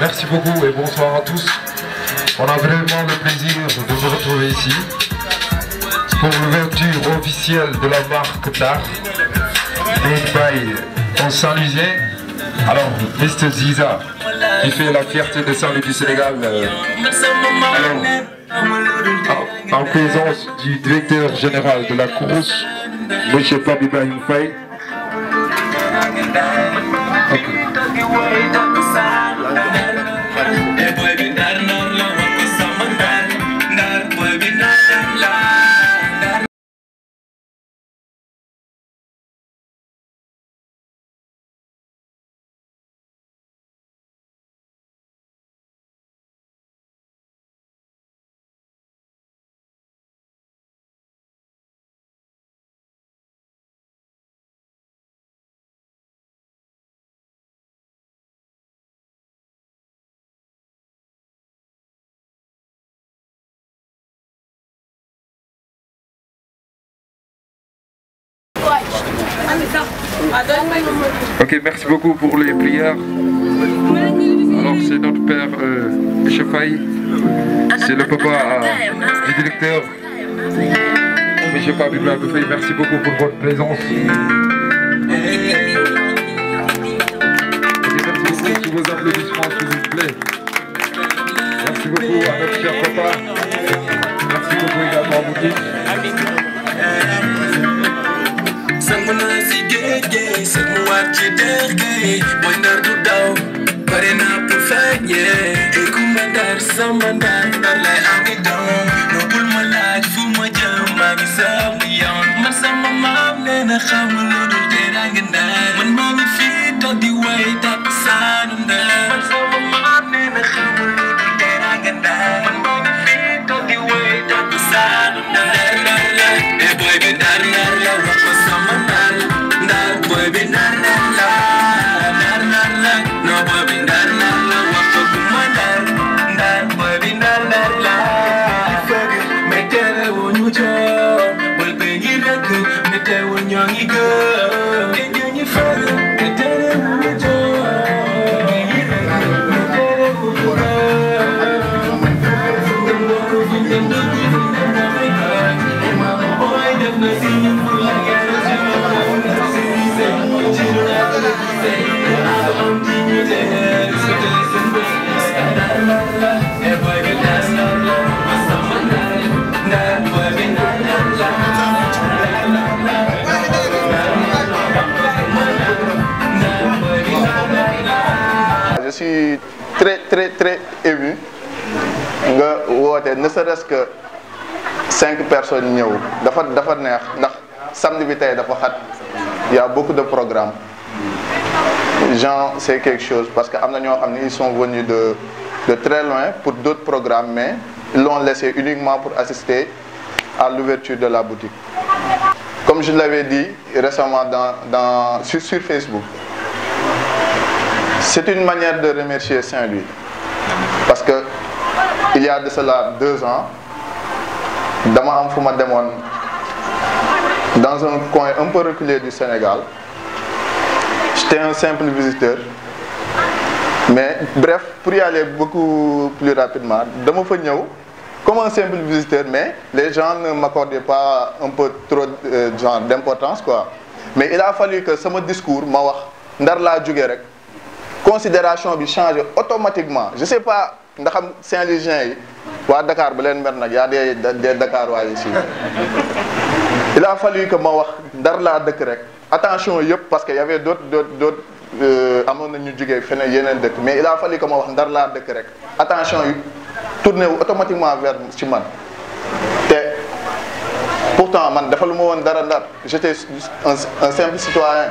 merci beaucoup et bonsoir à tous. On a vraiment le plaisir de vous retrouver ici pour l'ouverture officielle de la marque TAR by en saint Alors, Mr Ziza, qui fait la fierté de Saint-Louis du Sénégal. Euh, alors, en présence du directeur général de la course, M. Fabi Faye. Ah, ah, ok, merci beaucoup pour les prières. Alors c'est notre père euh, Fay, c'est le papa euh, du directeur. Monsieur Pabibla merci beaucoup pour votre présence. tous vos applaudissements, s'il vous plaît. Merci beaucoup à notre cher papa. Merci beaucoup également à vous sëmm naa si géej géej sëmm waat ci dex géej mooy ndar daw pare naa pour feeñee te ku ma ndar sama ndar ndar lay am di daw noppul ma laaj fu ma jëm maa ngi sàmm ma sama maam nee na xamuloo très très très ému nga ne serait-ce que cinq personnes il samedi y a beaucoup de programmes gens c'est quelque chose parce que ils sont venus de très loin pour d'autres programmes mais ils l'ont laissé uniquement pour assister à l'ouverture de la boutique comme je l'avais dit récemment dans sur Facebook c'est une manière de remercier Saint-Louis. Parce que il y a de cela deux ans, dans un coin un peu reculé du Sénégal, j'étais un simple visiteur. Mais bref, pour y aller beaucoup plus rapidement, Dama dit, comme un simple visiteur, mais les gens ne m'accordaient pas un peu trop euh, d'importance. Mais il a fallu que ce discours, dans la considération bi changé automatiquement je sais pas ndax un Saint-Louisien yi Dakar bu len mer nak ya des Dakar wa il a fallu que ma wax dar la rek attention yep, parce qu'il y avait d'autres d'autres d'autres euh, amoon ñu mais il a fallu que ma wax dar la deuk rek attention yep. tourné automatiquement vers ci man pourtant man dafa lu dara ndar j'étais un simple citoyen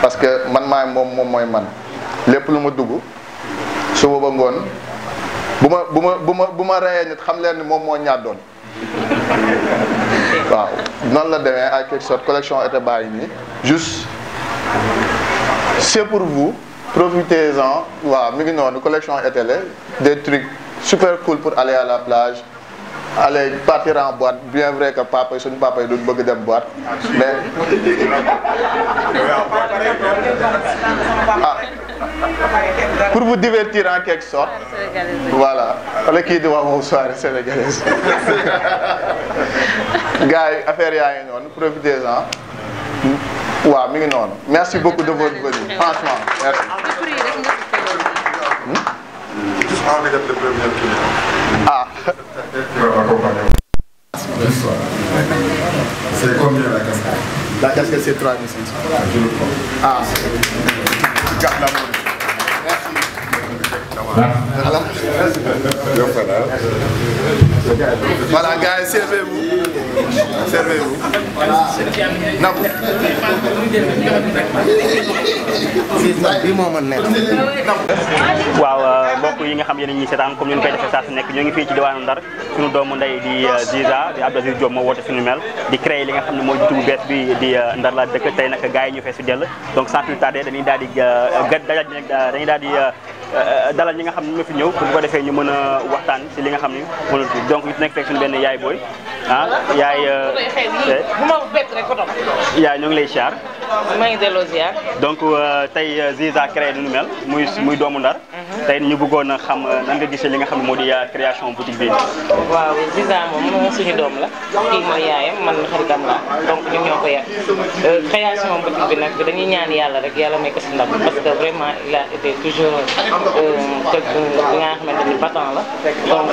parce que man maay mom mom moy man lepp luma ma dugg suba ba ngoon buma buma bu ma bu nit xam leen ni moom moo ñàddoon waaw noonu la demee ay quelque sorte collection était bàyyi nii juste c'est pour vous profitez-en waaw mi ngi noonu collection était là des trucs super cool pour aller à la plage Allez partir en boîte bien vrai que papa et suñu papa yi duñ de boîte mais ah. Ah. pour vous divertir en quelque sorte voilà wala qui doit wax soir, soirée sénégalaise gars affaire à une autre, profitez-en waaw mais merci beaucoup de votre venue franchement merci hmm? ah que vai acompanhar o pessoal. Você combina na né? casca? Da casca você traz, Vicente. Né, ah. ah, obrigado, amor. Voilà, gars, servez-vous. Servez-vous. waaw euh, mbokk yi nga xam yéen ñuy seetaan comme ñu koy defee saa su nekk ngi di euh, Ziza di Abdou Diop mel di créer li nga di euh, Ndar la ñu donc sans plus tarder dañuy daal di Euh, dalal ñi nga xam ne ñu ma fi ñëw bu ko defee ñu mën a waxtaan si li nga xam ne mën a donc ñu nekk fekk suñu benn yaay booy ah yaay euh, yaay ñoo ngi lay ziar maa ngi delloo ziar donc euh, tey Ziza créé lu nu mel muy muy doomu Ndar tey ñu bëggoon a xam nan nga gisee li nga xam ne moo di euh, création boutique bi. waaw Ziza moom suñu doom la kii mooy yaayam man xaritam la donc ñun ñoo ko yar euh, création boutique bi nag dañuy ñaan yàlla rek yàlla may ko si ndam parce que vraiment il a été toujours euh, quelqu'un bi nga xamante ni battant la donc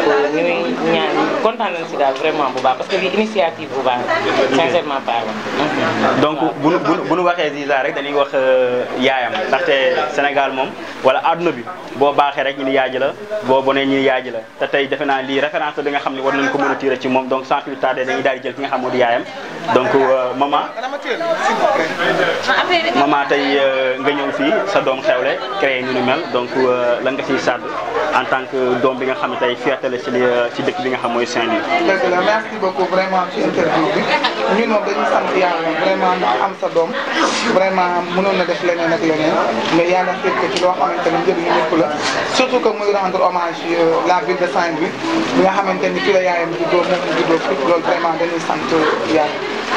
kontaan nañ si daal vraiment bu baax parce que lii initiative bu baax na mhm. donc bu nu bu nu waxee Ziza rek dañuy wax euh, yaayam ndaxte Sénégal moom wala àdduna bi boo baaxee rek ñu ni yaaji la boo ne ñu ni yaaji la te tey defe naa lii référence bi nga xam ne war nañ ko mën ci moom donc sans plus tarder dañuy daal jël ki nga xam moo yaayam donc maman euh, maman tey euh, nga ñëw fii sa doom xewle créé ñu nu mel donc euh, lan nga ciy sàdd en tant que doom bi nga xam ne tey fierté la ci ci dëkk bi nga xam mooy Saint-Louis. dëgg merci beaucoup vraiment ci interview bi ñun moom dañu sant yàlla am sa doom vraiment mënoon na def leneen ak leneen mais yàlla xëy ko ci loo xamante ni njëriñu ñëpp la surtout que muy rendre hommage la ville de Saint-Louis bi nga xamante ni fii la yaayam juddoo moom juddoo fii loolu vraiment sant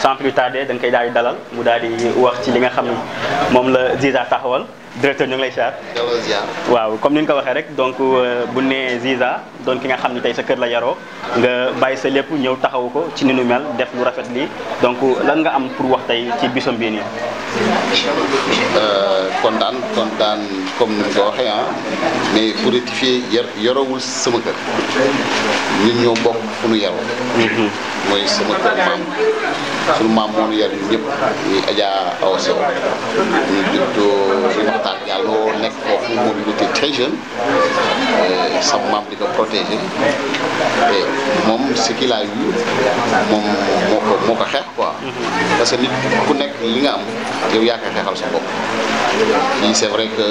sans plus tarder da nga koy daal di dalal mu daal di wax ci li nga xam ne moom la Ziza taxawal directeur ñu ngi lay ziar. waaw comme ni nga ko waxee rek donc euh, bu nee Ziza doon ki nga xam ne tey sa kër la yaroo nga bàyyi sa lépp ñëw taxawu ko ci ni nu mel def lu rafet lii donc lan nga am pour wax tey ci bisam bii nii. Euh, kontaan kontaan comme ni nga waxee ah mais pour rectifier yarowul sama kër ñun ñoo bokk fu nu yaroo. Mm-hmm. mooy sama kër maam sunu maam moo ñu yar ñun ñëpp muy Adja Awa Sow ñu juddoo nekk foofu mobilité très jeune euh, sama maam di ko protégé te moom ce qu'il moom moo ko moo ko xeex nit ku nekk li nga am yow yaa ko xeexal sa bopp fii c'est vrai que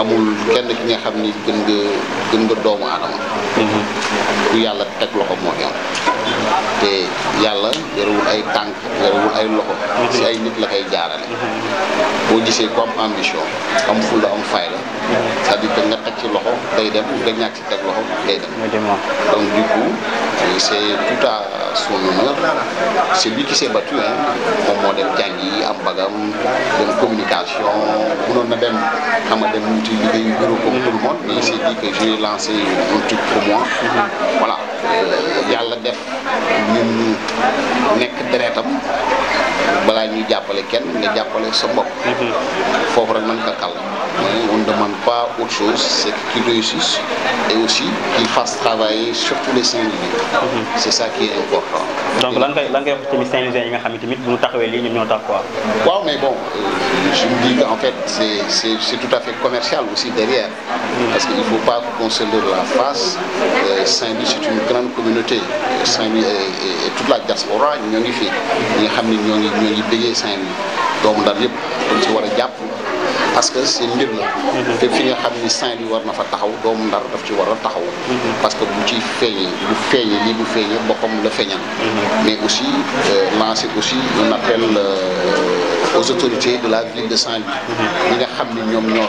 amul kenn ki nga xam ni gën nga doomu aadama. Mm-hmm. ku yàlla teg loxo moo ñëw. te yàlla yorewul ay tànk yorewul ay loxo si ay nit la koy jaarale boo gisee ku am ful am am fayda la à dire que nga teg ci loxo day dem nga ñàkk ci teg loxo day dem donc du coup c'est tout à son honneur c'est lui qui s'est battu hein moom moo dem jàngi am bagam dem communication mënoon na dem xam nga dem wuti liggéeyu bureau comme tout le monde mais il s'est dit que j'ai lancé un truc pour moi yàlla def ñun ñu nekk deretam balaa ñuy jàppale kenn nga jàppale sa bopp mhm. foofu rek mën nga kal on ne demande pas autre chose, c'est qu'ils réussissent et aussi qu'ils fassent travailler surtout les saint mhm. C'est ça qui est important. Donc, là, vous les Saint-Louis, vous avez dit que vous Oui, mais bon, euh, je me dis qu'en fait, c'est tout à fait commercial aussi derrière. Mhm. Parce qu'il ne faut pas qu'on se lève la face. Euh, Saint-Louis, c'est une grande communauté. Saint-Louis et, toute la diaspora, nous sommes fait. Nous sommes Saint-Louis. Donc, on a dit parce que si mbir la mhm. fi nga xam ni Saint-Louis war na fa taxaw doomu Ndar def ci war a taxaw mhm. parce que bu ci feeñee bu feeñee lii bu feeñee boppam la feeñal mhm. mais aussi euh, lancer aussi un appel euh, aux autorités de la ville de Saint-Louis ñi nga xam ni ñoom ñoo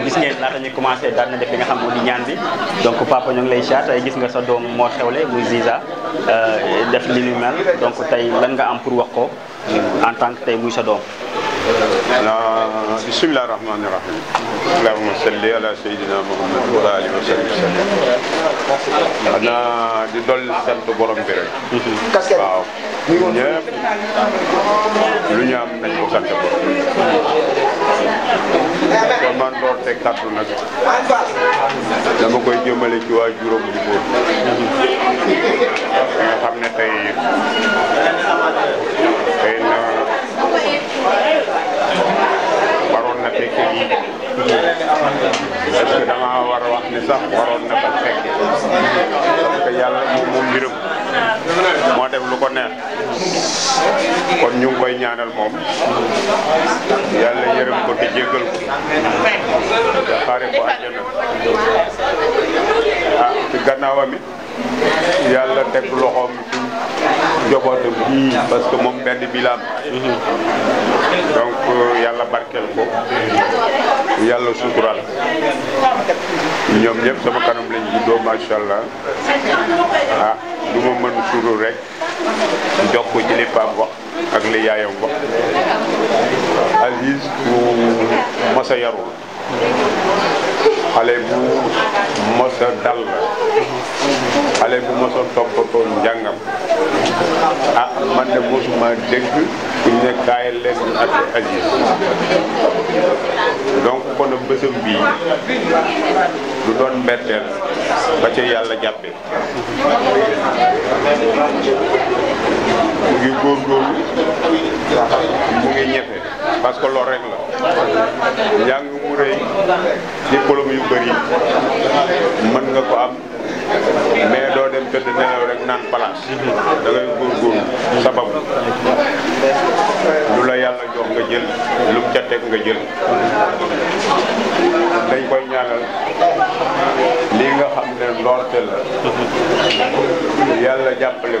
gis ngeen laata ñu commencé daal na def nga xam di ñaan bi donc papa ñu ngi lay xaar tey gis nga sa doom moo xewle muy Ziza eh, def li ñu mel donc tey lan nga am pour wax ko en tant que tey muy sa doom بسم الله الرحمن الرحيم ñepp lu ñu am nañ ko sant borom kon man Ndorte kaddu nag ma koy jëmale ci waa juróom bu góor nga xam ne tey parce que dama war wax ne sax waroon na ko fekk parce moom moom mbiram moo def lu ko neex kon ñu koy ñaanal moom yàlla yërëm ko te jéggal ko te xaare ah ci gannaawam it yàlla teg njobootam bi parce que moom benn bi la am mhm. donc euh, yàlla barkeel ko yàlla sutural ñoom ñëpp sama kanam lañ juddoo macha allah ah du ma mën suru rek jox ci li wax ak li wax Aziz ku mos a xale bu mos dal la xale bu mos a njàngam ah man de mosuma dégg ñu ne kaay leen ñu àtte Aziz donc kon bësëm bii du doon mbetteel ba ca yàlla jàppee mu ngi góorgóorlu mu ngi ñefe parce que rek la mu diplôme yu nga ko am mais doo dem tëdd nelaw rek naan place da ngay góorgóorlu sababu lu la yàlla jox nga jël lu mu ca teg nga jël dañ koy ñaanal xam ne lorte la yàlla jàppale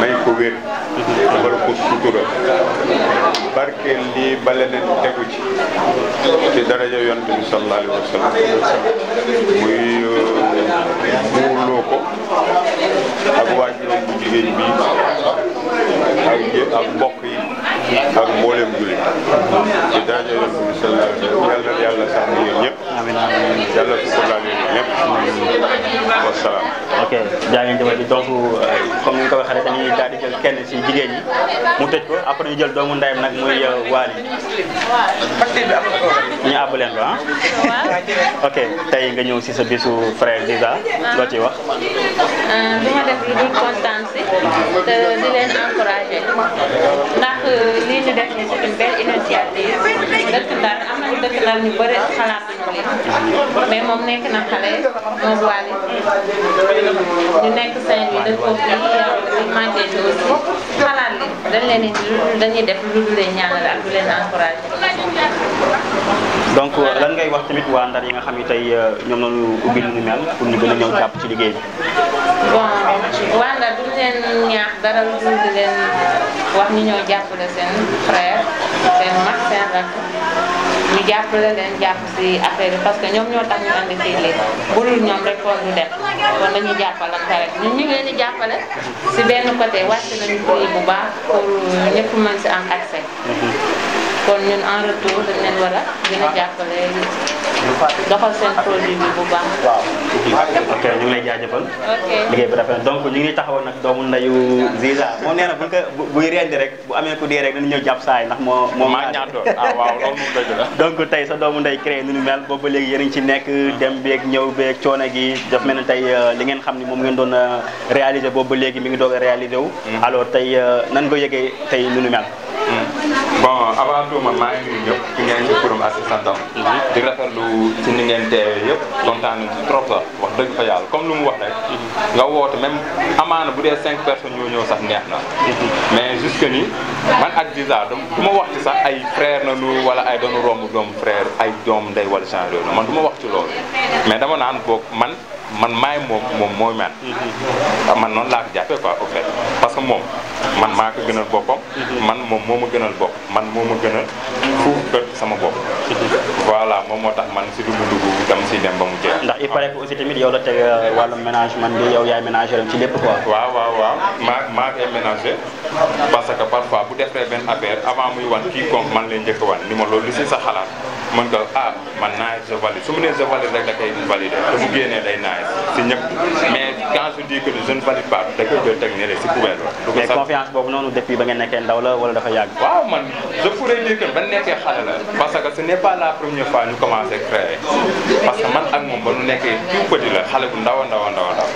may ko wér wala ko sutura barkeel lii ba leneen tegu ci daraja yonent bi sallallahu alayhi wa sallam muy uh, ko ak waajuram bu jigéen bi ak mbokk ak mboolem jullit ci daaja yoon bi sallallahu alayhi wa sallam yal na yàlla sax ñu ñëpp yàlla ko laal ñëpp wa salaam ok jangan ngeen jëfati donc comme ni ñu ko waxee rek daal di jël kenn si jigéen ñi mu tëj ko après ñu jël doomu ndayam nag muy euh, waali ñu àbb leen ko ah ok tey nga ñëw si sa bisu frère Ziza loo ciy wax euh, li ma def lu dul kontaan si te di leen encouragé ndax euh, lii ñu def ni c'est une belle initiative dëkk am nañu dëkk ñu bëri mhm. mais moom nekk na xale moom waali ñu nekk Saint-Louis dëkkoo fii màggee fi aussi xalaat li dañuy def lu dul leen ñaanal ak du leen encouragé. donc euh, lan ngay wax tamit waa Ndar yi nga xam ni tey euh, ñoom noonu ubbi lu ñu mel pour ñu gën a ñëw jàpp ci liggéey bi. bon waa Ndar du leen ñaax dara lu dul di leen wax ñu ñëw jàppale seen frère seen mag seen rakk. ñu jàppale leen jàpp si affaire yi parce que ñoom ñoo tax ñu andi fii lii bu dul ñoom rek tool du dem kon nañu jàppalante rek ñun ñu ngi leen di jàppale si benn côté wàcc nañu prix bu baax pour ñëpp mën si am accès. Mhm. kon ñun en retour dañ leen war a ah. doxal seen produit bu baax. waaw jaajëfal. ok liggéey rafet donc ñu ngi taxawoon nag doomu ndayu Ziza moom nee na buñ buy rendi rek bu amee ku dee rek ñëw jàpp saay ndax moo moo maa ñaatoon ah waaw dëgg la donc tey sa doomu nday créé nu ñu mel boobu ba léegi yéen ci nekk hmm. dem beeg ñëw beeg coono gi daf mel ne tey euh, li ngeen xam ni moom ngeen doon euh, réaliser boobu ba léegi mi ngi doog a réaliser wu hmm. alors tey euh, nan nga yëgee tey nu ñu mel Mm. bon avant ma maa ngi nuyu ñëpp ki ngeen di kuréel ak santam. Mm-hmm. di rafetlu ci ni ngeen teewee yëpp kontaan nañ ci trop sax wax dëgg fa yàlla comme lu mu wax rek. Mm-hmm. nga woote même amaana bu dee cinq personnes ñoo ñëw sax neex na. Mm-hmm. mais jusque ni man ak Ziza du ma wax sax ay frère na nu wala ay doonu romb doom frère ay doom ndey wala genre yooyu man du ma wax ci loolu mais dama naan boog man. man maay moom moom mooy maan ah, man noonu laa ko jàppee parce que moom man maa ko gënal boppam man moom moo ma gënal bopp man moo ma gënal fuuf bët sama bopp voilà moom moo tax man si lu mu dugg dama siy ba mu jeex. ndax il paraît que aussi tamit yow la teg euh, wàllum ménagement bi yow yaay ménager ci lépp quoi. waaw waaw waaw man lay ma loolu li si sa xalaat mën nga ah man naa je valide su mu nee je valide rek da koy te bu génnee day naaj si ñëpp mais confiance boobu noonu depuis ba ngeen nekkee ndaw la wala dafa yàgg. waaw man je pourrais dire ba nekkee xale parce que ce n'est pas la première fois ñu commencé créer parce que man ak moom ba nu nekkee tout petit la xale bu ndaw a ndaw a ndaw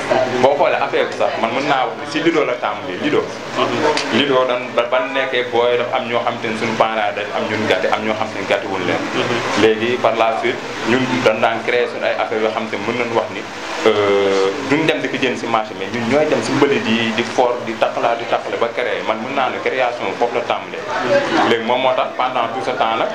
boo xoolee affaire bi sax man mën naa wax si Lido la tàmbali Lido Lido dan ba nekkee booy dafa am ñoo xam te ne suñu parents dañ am ñun gàtti am ñoo xam te ne gàtti wuñ leen mhm. léegi par la suite ñun dañ daan créer suñu ay affaires yoo xam te ne mën nañu wax ni euh, duñ dem di ko jënd si marché mais ñun ñooy dem si bëli di di for di taqalaa di taqale ba créé man mën naa ne création foofu la tàmbalee léegi moom moo tax pendant tout ce temps nag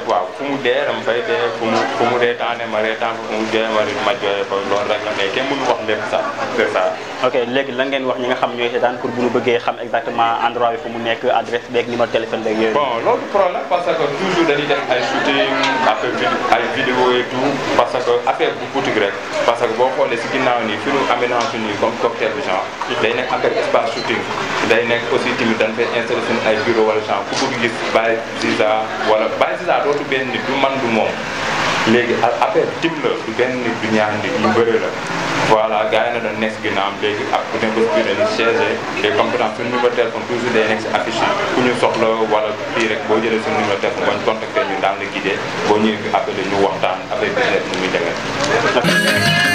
lan ngeen wax ñi nga xam ñooy seetaan pour bu ñu bëggee xam exactement endroit fu mu nekk adresse beeg numéro téléphone beeg yooyu bon loolu problème parce que toujours dañuy def ay shooting ay vidéo et tout parce que affaire bu boutique rek parce que boo xoolee si ginnaaw dimension nii comme cocktail bu genre day nekk affaire espace shooting day nekk aussi tamit dañ fay installé suñu ay bureau wala genre ku bëgg gis Baye Ziza wala Baye Ziza dootu benn nit du man du moom léegi affaire tim la du benn nit du ñaar nit ñu bëri la voilà gars yi ne doon nekk si léegi ak bu nekk si biir dañuy chargé les compétences suñu toujours day nekk si affiche ku ñu soxla wala fii rek boo jëlee suñu numéro téléphone boo ñu contacté ñu daan la guidé boo ñëwee fi appelé ñu waxtaan affaire bi nekk muy demee.